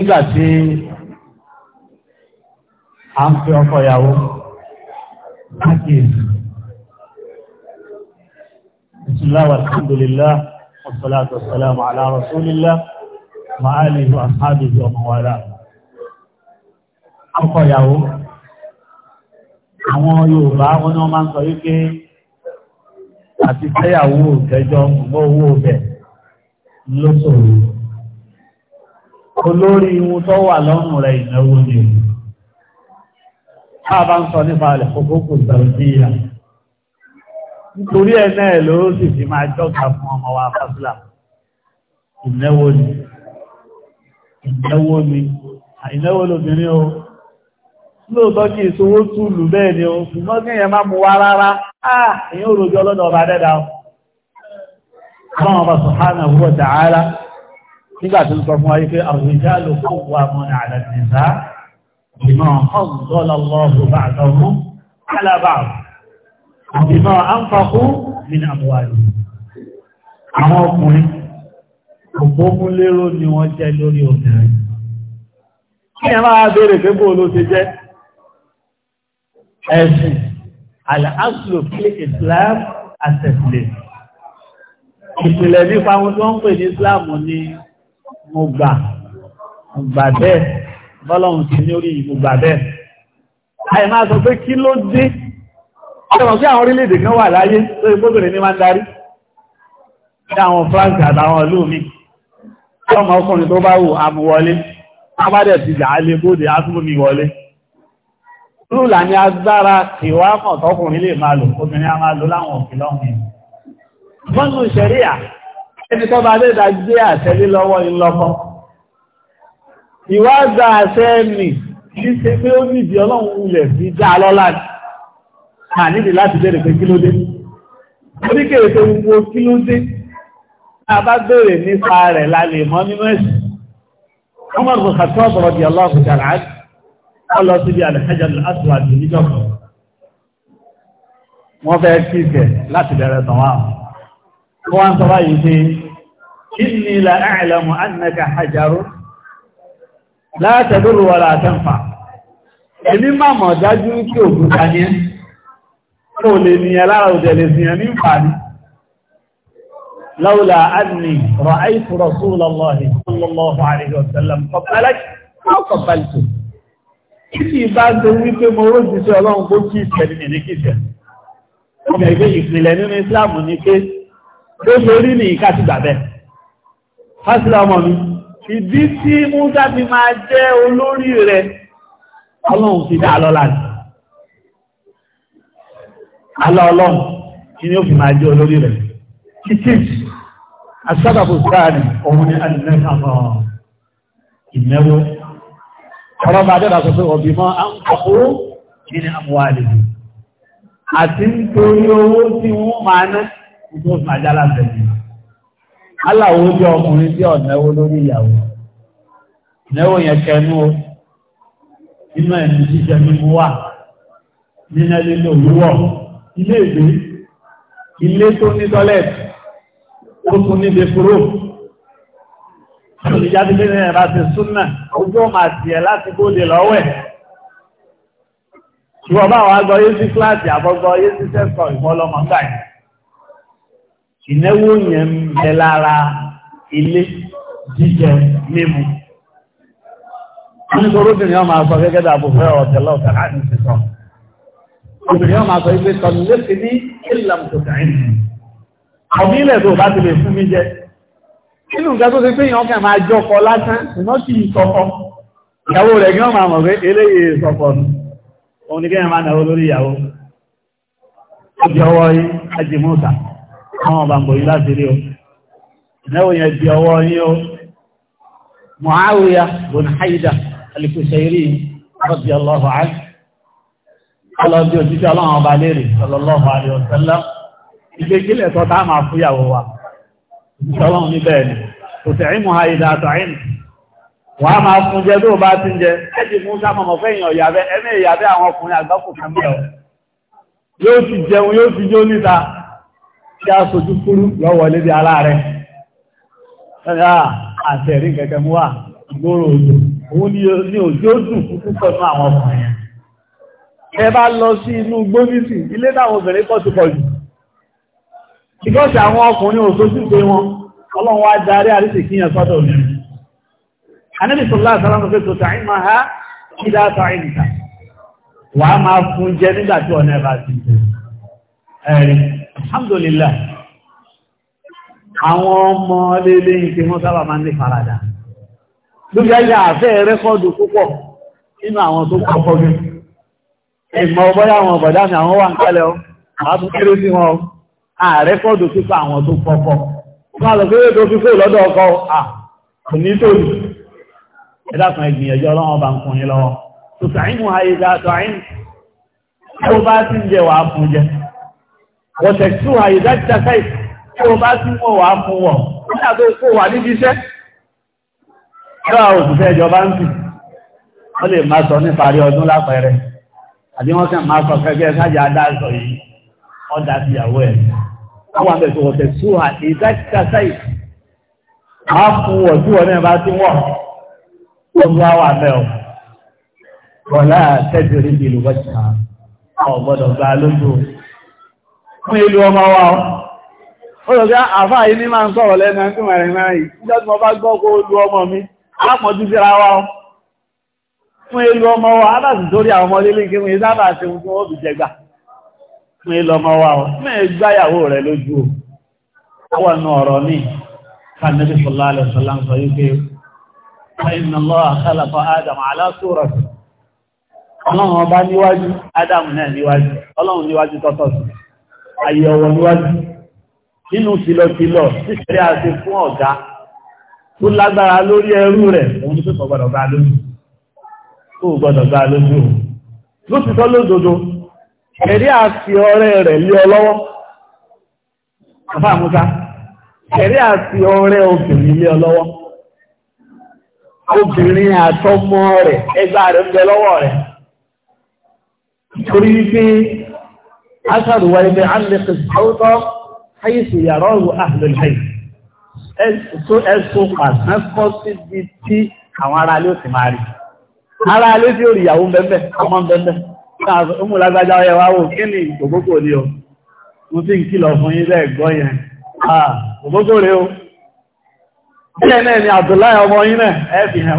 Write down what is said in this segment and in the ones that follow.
nígbà tí a ń fi ọkọ ìyàwó pàkíyèsí bismillah alhamdulillah wassalatu wassalamu ala rasulillah wa alihi wa ashabihi wa man wala ọkọ ìyàwó àwọn Yorùbá wọn náà máa ń sọ wípé àti fẹ́yàwó òjẹjọ mọ́ owó ọbẹ̀ lóṣòrò olórí ohun tó wà lọ́rùn rẹ̀ ìnáwó ni a bá ń sọ nípa rẹ̀ kòkòkò ìgbàlódéyà nítorí ẹ̀ náà ló sì fi máa jọ́gà fún ọmọ wa fásilà ìnáwó ni ìnáwó ni àìnáwó lóbìnrin o lóòtọ́ kí ìṣòwò túlù bẹ́ẹ̀ ni o ṣùgbọ́n kí èèyàn má mú wá rárá ah èèyàn ò rojọ́ lọ́dọ̀ ọba dẹ́dà o. Àwọn ọba Subhanahu wa ta'ala nígbà tó ń sọ fún ayé pé àwùjá ló kó wà mọ́nà àdàtìsá ìmọ̀ ọ̀dọ́lọ́lọ́rù bá àtọ́mú alábà ìmọ̀ àǹfàkú nínú àbúwàlì àwọn ọkùnrin òpómúlérò ni wọ́n jẹ́ lórí obìnrin kí ẹ máa béèrè pé bó ló ìpìlẹ̀ nípa wọn tó ń pè ní Islam ní mo gbà mo gbà bẹ́ẹ̀ bọ́lọ́run ti ní orí mo gbà bẹ́ẹ̀ àì máa sọ pé kí ló dé ọ̀rọ̀ sí àwọn orílẹ̀-èdè kan wà láyé tó ìgbóbìnrin ní máa ń darí ní àwọn France àtàwọn ìlú mi ọmọ ọkùnrin tó bá wù amúwọlé abádẹ̀ ti jà alẹ́ bóde átúmùmí wọlé rúlà ní agbára ìwà kan tọkùnrin lè máa lò obìnrin a máa lò láwọn òfin lọ́wọ́ ẹni tó bá dẹ́dà gbé àṣẹ lé lọ́wọ́ ìlọ́kọ́ ìwádà àṣẹ nì kí ṣe pé ó nìdí ọlọ́run wulẹ̀ sí já lọ́lá àníbi láti bẹ̀rẹ̀ pé kí ló dé oníkèrè tó gbogbo kí ló dé a bá bẹ̀rẹ̀ nípa rẹ̀ lálẹ́ mọ́ nínú ẹ̀sìn ọmọ ìgbọ̀n kàtọ́ ọ̀bọ̀rọ̀ di ọlọ́run jàrá ọlọ síbi àlẹ́kẹ́jà láti wà sí níjọ́ wọ́n fẹ́ kí ìkẹ̀ láti bẹ̀rẹ̀ tàn wá wọ́n ń sọ báyìí pé inni la a'lamu annaka hajarun la tadurru wa la tanfa èmi máa mọ̀ dájú kí òkúta ní ẹ́ kò lè ní ẹ lára òjẹ̀lẹ̀ sí ẹ ní ìfàní láúlà ánì ra'aytu rasulallahi sallallahu alaihi wasallam qabbalaki qabbaltu kìí bá ń tó ṣe rí ní ìká ti gbàbẹ́ fásílá ọmọ mi ìdí tí múta fi máa jẹ́ olórí rẹ̀ ọlọ́run ti dá lọ́lá ní alá ọlọ́run kí ni ó fi máa jẹ́ olórí rẹ̀ títí asábàbò sáàrì òun ni alìmẹ́sàmọ́ ìnáwó ọ̀rọ̀ bá dẹ́ra sọ pé ọ̀bí mọ́ á kí ni àmúwà àlejò àti nítorí owó tí wọ́n máa náà tó fún ajá látẹ̀lẹ̀. Aláwo jẹ́ ọkùnrin tí ọ̀nẹ́wó lórí ìyàwó. Ìnáwó yẹn kẹnu o, inú ẹ̀mí jíjẹ mímú wà, nínú lílo wíwọ̀, ilé ìgbé, ilé tó ní tọ́lẹ̀tì, ó tún níbi kúrò. Olùjáde bí nìyẹn bá ti súnà, ojú ọmọ àti ẹ̀ láti bóde lọ́wẹ̀. Ìwọ̀n bá àwọn yé sí kíláàsì àbọ̀gbọ̀ yé sí sẹ́kọ̀ọ́ ìfọlọ́mọ́gbà yìí ìnáwó yẹn ń bẹ lára ilé jíjẹ mímu nítorí obìnrin ọmọ àgbà gẹ́gẹ́ dàbò fẹ́ ọ̀tẹ̀lọ́ ọ̀tẹ̀lá ní ti sọ obìnrin ọmọ àgbà ìgbé tọ́lú lẹ́sẹ̀ ní ìlànà tó kàáyìn ọ̀bí ilẹ̀ tó bá ti lè fún mi jẹ nínú nǹkan tó ti pé èèyàn kẹ́ máa jọkọ lásán ìná kì í sọkọ ìyàwó rẹ̀ gí máa mọ̀ pé eléyè sọkọ nù òun ni kẹ́yìn máa náwó lórí ìyàwó ó jẹ́ ọwọ́ yìí ajé mọ́ta àwọn bàbọ̀ yìí láti rí o ìnáwó yẹn di ọwọ́ yín o Muawiya bùn Haida al-Kushairi radiyallahu anhu ọlọ́bí òtítí ọlọ́run ọba léèrè sallallahu alaihi wasallam ìgbé gílẹ̀ tó tá máa fúyàwó wa òtítí ọlọ́run wàá máa fún jẹ tó bá ti ń jẹ ẹ̀jì mú sámọ̀mọ̀ fẹ́yìn ọ̀yàbẹ́ ẹ̀mẹ́ ìyàbẹ́ àwọn ọkùnrin àgbákò kan bẹ́ẹ̀ yóò ti jẹun yóò ti jó níta kí a sojú kúrú lọ́wọ́ lébi ara rẹ̀. Ẹni àtẹ̀rí kẹ̀kẹ́ mú wà lóòrò òjò. Òun ni òjò dùn kúkú pẹ̀lú àwọn ọkùnrin. Ẹ bá lọ sí inú gbónísì, ilé táwọn obìnrin pọ̀ sí pọ̀ jù. Ìgọ́sì àwọn ọkùnrin ò sojú pé wọn, ọlọ́run wá darí àríṣì kíyàn sọ́dọ̀ òmìnir. Anábì Sọlá Sàlámù pé tòtà ìmọ̀ ha kí dáta ìrìnkà. Wà á máa fún jẹ nígbà tí ọ̀nà ẹ̀bà ti ẹ̀rin alhamdulillah àwọn ọmọ lélé ìpé wọ́n sábà máa ń lè farada lórí ayé àfẹ́ rẹ́kọ́dù púpọ̀ nínú àwọn tó kọ́kọ́ gẹ́ ìmọ̀ ọbọ́yá àwọn ọ̀bọ̀dá mi àwọn wà ń kálẹ̀ ọ́ àwọn kéré sí wọn àrẹ́kọ́dù púpọ̀ àwọn tó kọ́kọ́ wọ́n lọ pé tó fi kó lọ́dọ̀ ọkọ̀ à ní tóbi ẹ̀dàkùn ẹgbìyànjọ́ ọlọ́wọ́ bá wọ́n tẹ̀sùn àyíká ti tàṣà ìfẹ́ wọn bá tún wọ̀ wá fún wọn nígbà tó kó wà níbi iṣẹ́ ẹ̀rọ òṣìṣẹ́ ìjọba ń bì wọ́n lè máa sọ níparí ọdún lápẹẹrẹ àbí wọ́n kàn máa sọ kẹ́kẹ́ sájà adáṣọ yìí wọ́n dá sí ẹ̀ àwọn àbẹ̀sọ̀ wọ̀ tẹ̀sùn àyíká ti tàṣà ìfẹ́ á fún wọ̀ tí wọ́n náà bá tún wọ̀ gbogbo àwọn àbẹ̀ ọ̀ wọ́n láà tẹ́jú rí fún ìlú ọmọ wa ọ́. Ó lọ sí àfáà yìí ní máa ń sọ̀rọ̀ lẹ́nu ẹni tí mo rìn náà yìí. Ìjọ́ tí mo bá gbọ́ kó lu Fún ìlú ọmọ wa, aláàtì torí àwọn ọmọdé lè kéwìn sábà ṣe ohun tí wọ́n jẹgbà. Fún ìlú ọmọ wa ọ́. Mẹ́ẹ̀ gbáyàwó rẹ̀ lójú o. Àwọn ọ̀rọ̀ ní Kànẹ́bí Sọlá Alẹ́ àyẹ̀wò níwájú nínú tìlọ̀tìlọ̀ síṣẹ́ àti fún ọ̀gá tó lágbára lórí ẹrú rẹ̀ òun tó sọ gbọ́dọ̀ gbá lójú tó gbọ́dọ̀ gbá lójú o ló ti tọ́ lódodo ẹ̀rí àti ọ̀rẹ́ rẹ̀ lé ọ lọ́wọ́ àfáàmúta ẹ̀rí àti ọ̀rẹ́ obìnrin lé ọ lọ́wọ́ obìnrin àtọmọ rẹ̀ ẹgbà rẹ̀ ń bẹ lọ́wọ́ rẹ̀ torí pé aṣàrù wa ibẹ̀ alẹ́kẹ̀ sọ́tọ̀ hayìsù yàrá ọ̀rọ̀ àhìlẹ̀lẹ̀ tó ẹ̀sùn pàṣẹ́kọ́ síbi tí àwọn ará ilé ò ti máa rí ará ilé tí ó rí ìyàwó bẹ́ẹ̀ ọmọ bẹ́ẹ̀ ọmọ lágbájá ọyẹ wa wò kí ni ìgbòkókò ni o mo ti ń kìlọ̀ fún yín bẹ́ẹ̀ yẹn ògbókò rẹ o bẹ́ẹ̀ náà ni Abdullahi ọmọ yín náà ẹ fi hàn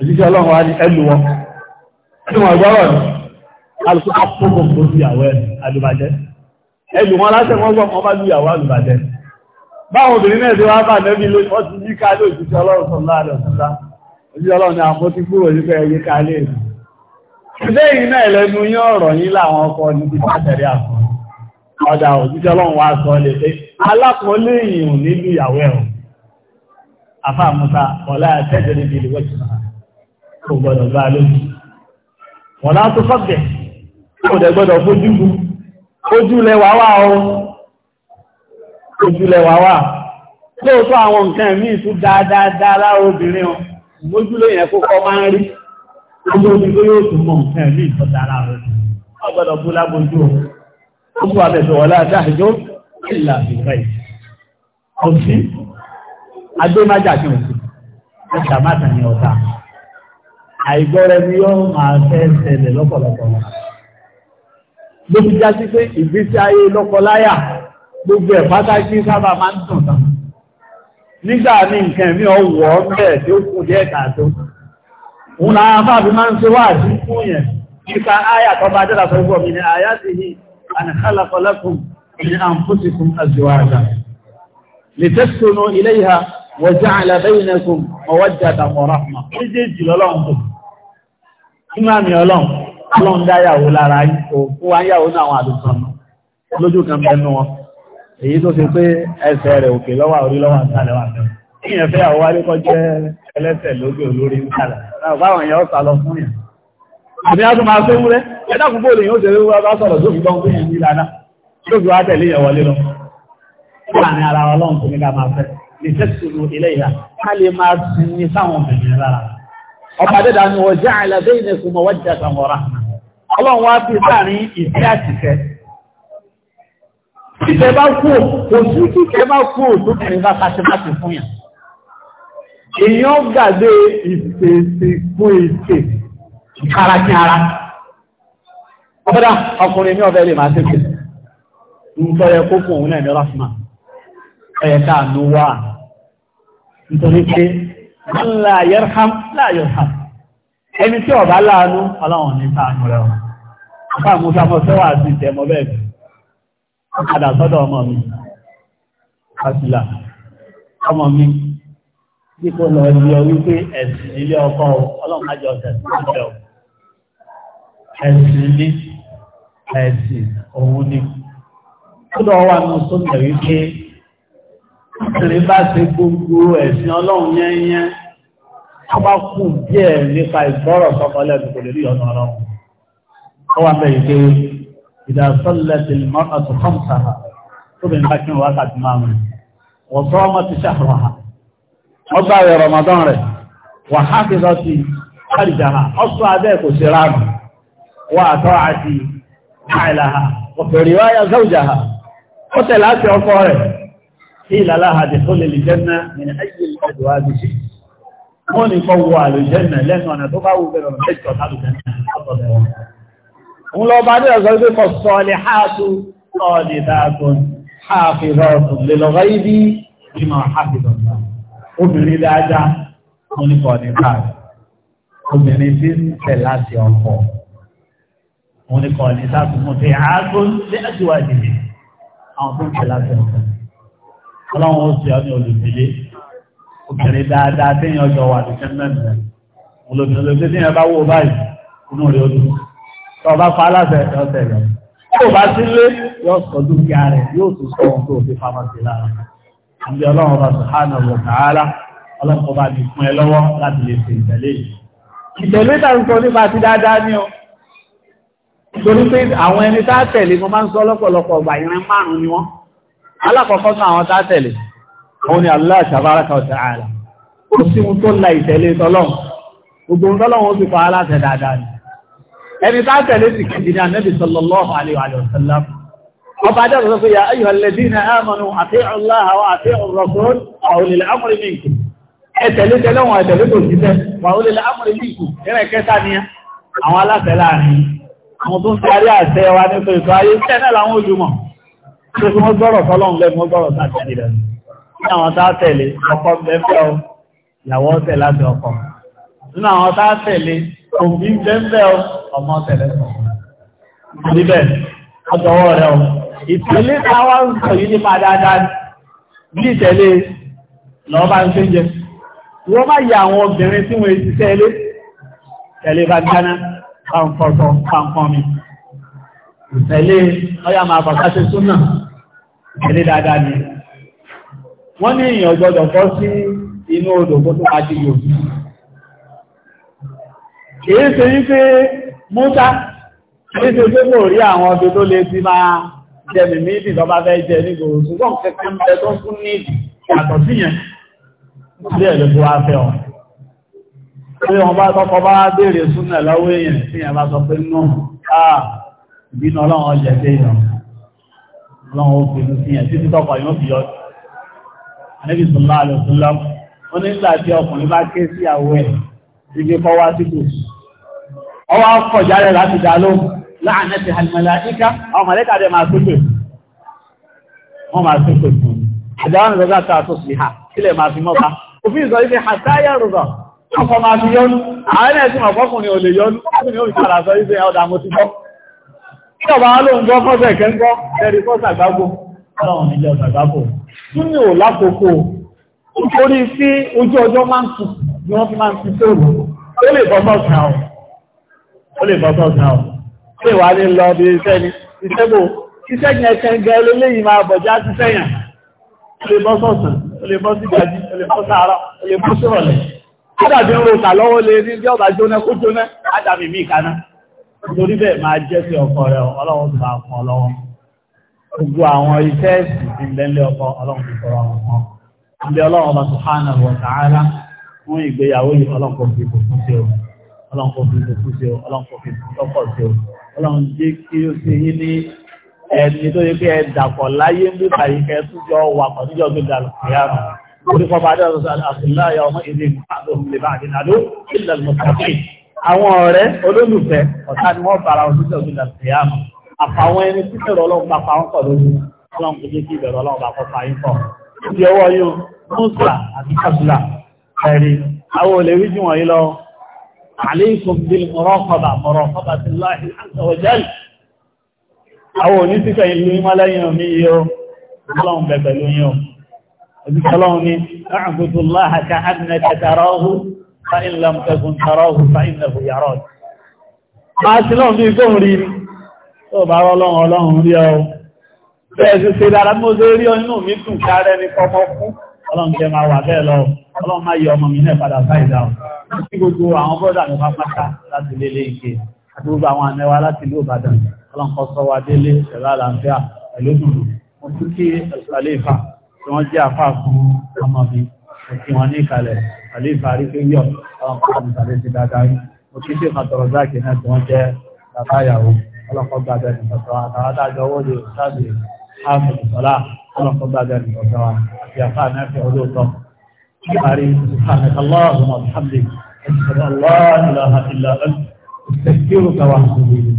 òjíṣẹ́ ọlọ́run wá ní ẹlù wọn ẹlù wọn gbọ́rọ̀ ní alùpùpù àpòkò tó fi ìyàwó àlùbàjẹ́ ẹlù wọn láṣẹ wọn gbọ́ wọn bá lu ìyàwó àlùbàjẹ́ báwọn obìnrin náà ti wá bá nẹ́bí ló ọlọ́run sọ̀rọ̀ láàrẹ̀ ọ̀sánlá òjíṣẹ́ ni àmọ́ ti kúrò nípa ẹyẹ ká lé èdè lẹ́yìn náà lẹ́nu yín ọ̀rọ̀ yín níbi pátẹ̀rí àkọ́ kò gbọdọ̀ bá a lójú wọn náà tó fọ́bẹ̀ kò dẹ̀ gbọdọ̀ fojú bu ojú lẹwà wà o ojú lẹwà wà lóòótọ́ àwọn nǹkan míì tún dáadáa lára obìnrin o ìmójú ló yẹn kókọ́ máa ń rí ojú omi tó yóò tún mọ nǹkan míì tó dára rẹ̀ wọ́n gbọdọ̀ bú lábojú o ó fún abẹ̀tẹ̀ wọlé adájọ́ ìlà àbíkà yìí ọ̀sìn agbémájà kí n sí ẹ̀ṣà máta ní ọ̀tá àìgbọ́rẹ́ ni yóò máa fẹ́ ṣẹlẹ̀ lọ́pọ̀lọpọ̀ wọn. ló fi já sí pé ìgbésí ayé lọ́kọláyà gbogbo ẹ̀ pátákì sábà máa ń dùn tán. nígbà ní nǹkan mi ọ̀wọ́ bẹ́ẹ̀ tí ó kù díẹ̀ kàtó. òun làwọn afáàbí máa ń ṣe wá àti fún yẹn nípa àyà tó bá dára fún gbọ̀mí ni àyà ti ní ànàkálàkọlẹ́kùn ní àǹfóṣìkún àjòwàdà. lè tẹ́sùn ilé ìhà wọ̀já àlàbẹ́yìnẹkùn ọwọ́jà tàkọ̀rọ̀ àmà. méjèèjì lọ́lọ́run tó nínú àmì ọlọ́run ọlọ́run dáyàwó lára òkú ayáwó náà àwọn àdùsàn lójú kan bẹnu wọn èyí tó ṣe pé ẹsẹ̀ rẹ̀ òkè lọ́wà orí lọ́wà ìsàlẹ̀ wà bẹ̀rẹ̀ ìyẹn fẹ́ àwọn wálé kọ́ jẹ́ ẹlẹ́sẹ̀ lókè olórí ìsàlẹ̀ náà báwọn èèyàn ọ̀sà lọ fún yẹn àmì á tún máa fẹ́ wúrẹ́ ẹ̀dá púpọ̀ ọba dẹ́dà ni wọ́n jẹ́ àìlẹ́dẹ́ ìnẹ̀kùn mọ̀ wọ́n jẹ́ sàmọ́ra ọlọ́run wá fi láàrin ìfẹ́ àtìfẹ́ kíkẹ́ bá kú kò sí kíkẹ́ bá kú tó kẹrin bá sáṣẹ láti fún yàn èèyàn fún èsè ìkarakí ara ọbọ̀dá ọkùnrin ní ọbẹ̀ lè ńlá yẹ́rham láyọ̀ham ẹni tí ọ̀bá láàánú ọlọ́run ní sáànú rẹ̀ wọn ọ̀pá àmúta mọ́ sọ́wọ́ àti ìtẹ̀mọ́ bẹ́ẹ̀ padà sọ́dọ̀ ọmọ mi kásìlá ọmọ mi tí kò lọ ní ọ wípé ẹ̀sìn ilé ọkọ ọlọ́run ajọ ẹ̀sìn ilé ẹ̀sìn òun ni ó lọ wà ní sómìnà wípé obìnrin bá gbogbo ẹ̀sìn ọlọ́run yẹ́nyẹ́ tó bá kù díẹ̀ nípa ìgbọ́rọ̀ sọ́kọ lẹ́nu kò lè rí ọ̀nà ọlọ́run ó wà bẹ́ẹ̀ pé ìdásọ́lẹ̀ ti mọ́ ọ̀tún kí ha wọ́n rẹ̀ wà á fi sí ha abẹ́ kò ṣe ránù wà á tọ́ àti àìlà ha wáyà ha ó láti ọkọ rẹ̀ قيل لها دخول الجنة من أي الأدواب شئت wọ́n ní kọ́ wọ àlùjẹ́nà lẹ́nu ọ̀nà tó bá wù bẹ̀rẹ̀ ọ̀nà mẹ́jọ tàbùjẹ́nà ọ̀tọ̀lẹ̀ wọn. ń lọ bá dẹ̀ ọ̀sọ̀ wípé kọ sọ́ọ̀lẹ̀ háàtù sọ́ọ̀lẹ̀ dáàtùn háàfìrọ̀tùn lè lọ́gọ́ ibi ìmọ̀ háàfìrọ̀tùn obìnrin dáadáa wọ́n ní kọ́ ní káàdì obìnrin tí ń tẹ̀ láti ọkọ wọ́n ní kọ́ ní sáàtùmọ̀ tẹ̀ háàtùn lẹ́ẹ̀tùwájì àwọn tó ń tẹ̀ láti ọkọ ọlọ́run ó sì ọ́nà olùdílé obìnrin dáadáa téèyàn ọjọ́ wà ní kẹ́mẹ́rin rẹ̀ olùdílé olùdílé téèyàn bá wò báyìí inú rẹ̀ ó dùn tó bá pa aláṣẹ ẹ̀yọ́ tẹ̀lẹ̀ tó bá sílé yóò sọ dúkìá rẹ̀ yóò tún sọ ohun tó fi pamọ́ sí lára àbí ọlọ́run ọba sùhánà wò tààlà ọlọ́run ọba ti fún ẹ lọ́wọ́ láti lè ṣe ìtẹ̀lé yìí ìtẹ̀lé tà ń sọ nípa ti dáadáa ní o alákọ̀ọ́kọ́ sọ àwọn tátẹ̀lẹ̀ òun ni Allah tabaraka wa ta'ala ó sí mú tó la ìtẹ̀lé tọ́lọ́run gbogbo tọ́lọ́run ó sì fa aláṣẹ dáadáa ni ẹni tátẹ̀lé sì kejì ní anẹ́bì sallallahu alaihi wa sallam ọba jẹ́ ọ̀sọ́ pé ya ayyuha alladhina amanu ati'u Allaha wa ati'u ar-rasul wa ulil amri minkum ẹ̀tẹ̀lé tẹ́lẹ́wọ̀n ẹ̀tẹ̀lé tó jíṣẹ́ wa ulil àwọn tó ń fi arí àṣẹ wa nípa ètò ayé tẹ́lẹ̀ láwọn ojúmọ̀ tó fi wọ́n gbọ́rọ̀ fọ́lọ́n lẹ́nu wọ́n gbọ́rọ̀ sáàtì rẹ̀ ní àwọn tá tẹ̀lé ọkọ bẹ́ẹ̀ o ìyàwó tẹ̀ láti ọkọ nínú àwọn tá tẹ̀lé òbí bẹ́ẹ̀ o ọmọ tẹ̀lé níbẹ̀ ọjọ́wọ́ rẹ̀ o ìtẹ̀lé táwa ń sọ yìí nípa dáadáa bí ìtẹ̀lé lọ́ọ́ bá ń ṣe jẹ wọ́n má yà àwọn obìnrin tí wọ́n ti tẹ̀lé tẹ̀lé bá dáná bá ń fọ́tọ̀ bá ń pọ́n mi ìtẹ̀lé ọya máa bàkáṣe súnà ìtẹ̀lé dáadáa ni wọ́n ní èèyàn gbọ́dọ̀ fọ́ sí inú odò kó tó máa dìyò kìí ṣe ní pé múta kìí ṣe pé kò rí àwọn ọdún tó lè ti máa jẹmì mídì tó bá fẹ́ jẹ ní gbòòrò ṣùgbọ́n kẹ́kẹ́ mẹ́ tó fún ní ìyàtọ̀ sí yẹn sí ẹ̀ ló fi wá fẹ́ ọ pé wọn bá ah, ìbínú ọlọ́run ọjà ṣe yàn ọlọ́run ó fi sí yàn títí tọ́kọ̀ yóò fi yọ àníbi sùnlá àlùsùnlá ó ní nígbà tí ọkùnrin bá ké sí àwọ̀ ẹ̀ ibi kọ́ wá síkù ọwọ́ kọjá rẹ̀ láti dá lóhùn láàánú ti hàlùmọ̀lá ìka àwọn mọ̀lẹ́kà dẹ̀ máa tó pè wọ́n máa tó pè fún àdáwọn ìrọ̀gá tó àtò sí ha sílẹ̀ máa fi mọ́ta òfin ìsọ̀ ibi àtàyà rọ̀rọ̀ ọkọ̀ máa fi yọnu àwọn ẹ̀sìn ọ̀pọ̀kùnrin ò lè yọnu ọkùnrin ò fi sọ ibi ọ̀dà mo ti bọ́ tí ọba alóǹgbọ́ fọ́sẹ̀ kẹ́ńgọ́ tẹ́rí fọ́sẹ̀ àgbágbò ọlọ́run nílẹ̀ ọ̀sàgbágbò tún ní ò lákòókò nítorí sí ojú ọjọ́ máa ń sùn ni wọ́n fi máa ń fi tóòrù ó lè bọ́ sọ́ọ̀sán ọ̀ ó lè bọ́ sọ́ọ̀sán ọ̀ ṣé wàá ní lọ bí iṣẹ́ ni iṣẹ́ bò iṣẹ́ yẹn kẹ́ńgẹ́ eléyìí máa bọ̀ já sí sẹ́yìn ó lè bọ́ sọ́ọ̀sán ó lè bọ́ sí gbajú ó lè bọ́ sáárọ̀ ó lè bọ́ sírọ̀lẹ̀ torí bẹ́ẹ̀ máa jẹ́ sí ọkọ rẹ ọlọ́run bá fún ọ gbogbo àwọn iṣẹ́ ẹ̀sìn ti ọlọ́run tó sọ̀rọ̀ àwọn kan ìbí ọlọ́run ọba subhanahu wa ta'ala fún ìgbéyàwó yìí ọlọ́run kò fi kò fún sí o ọlọ́run kò fi kò fún sí o ọlọ́run kò fi tọ́pọ̀ sí o ọlọ́run jẹ́ kí ó ṣe yín ní ẹni tó yẹ kí ẹ dàpọ̀ láyé ń bí báyìí kẹ́ tún wà pọ̀ níjọ́ àwọn ọ̀rẹ́ olólùfẹ́ ọ̀tá ni wọ́n bára ọdún tẹ̀lé ìdàtìyàmù àfàwọn ẹni tí bẹ̀rẹ̀ ọlọ́run bá pa wọ́n pọ̀ lójú ọlọ́run kò jẹ́ kí ìbẹ̀rẹ̀ ọlọ́run bá kọpa yín pọ̀ níbi ọwọ́ yóò mọ́sà àti kàbùlà ẹ̀rí àwọn olè rí jù wọ̀nyí lọ àléékùn bí mọ̀rọ́kọ̀bà mọ̀rọ́kọ̀bà ti láì àtọ̀wọ̀jẹ́lì àwọn fa'in lam takun tarahu fa'innahu yarak máa sí lọ́n bí gbóhùn rí tó bá rọ́ lọ́run ọlọ́run rí ọ bẹ́ẹ̀ sí ṣe dára mọ́ sí rí ọnú mi tún kárẹ́ ní kọmọ fún ọlọ́run jẹ máa wà bẹ́ẹ̀ lọ ọlọ́run máa yọ ọmọ mi náà padà fáìdá sí gbogbo àwọn bọ́dà mi pápátá láti lélé ike àti gbogbo àwọn anẹwa láti ìlú Ìbàdàn ọlọ́run kọ́ sọ wa délé pẹ̀lú àlàáfíà pẹ̀lú dùdù mo tún kí ẹ̀sùn àlééfà tí wọ́n jẹ́ àfáà fún ọmọ mi ẹ̀sìn wọn ní ìkàlẹ̀ àlè ìfàrí pé yọ ọlọ́run kọ́ mi sàlẹ̀ sí dáadáa rí mo kí sí ìkan tọrọ záàkì náà tí wọ́n jẹ́ bàbá ìyàwó ọlọ́kọ́ gbàgbẹ́ nìkọ̀tọ̀ àtàwọn adájọ́ owó lè sáàbì áàfù ìsọ̀lá ọlọ́kọ́ gbàgbẹ́ nìkọ̀tọ̀ àti àfà náà olóòótọ́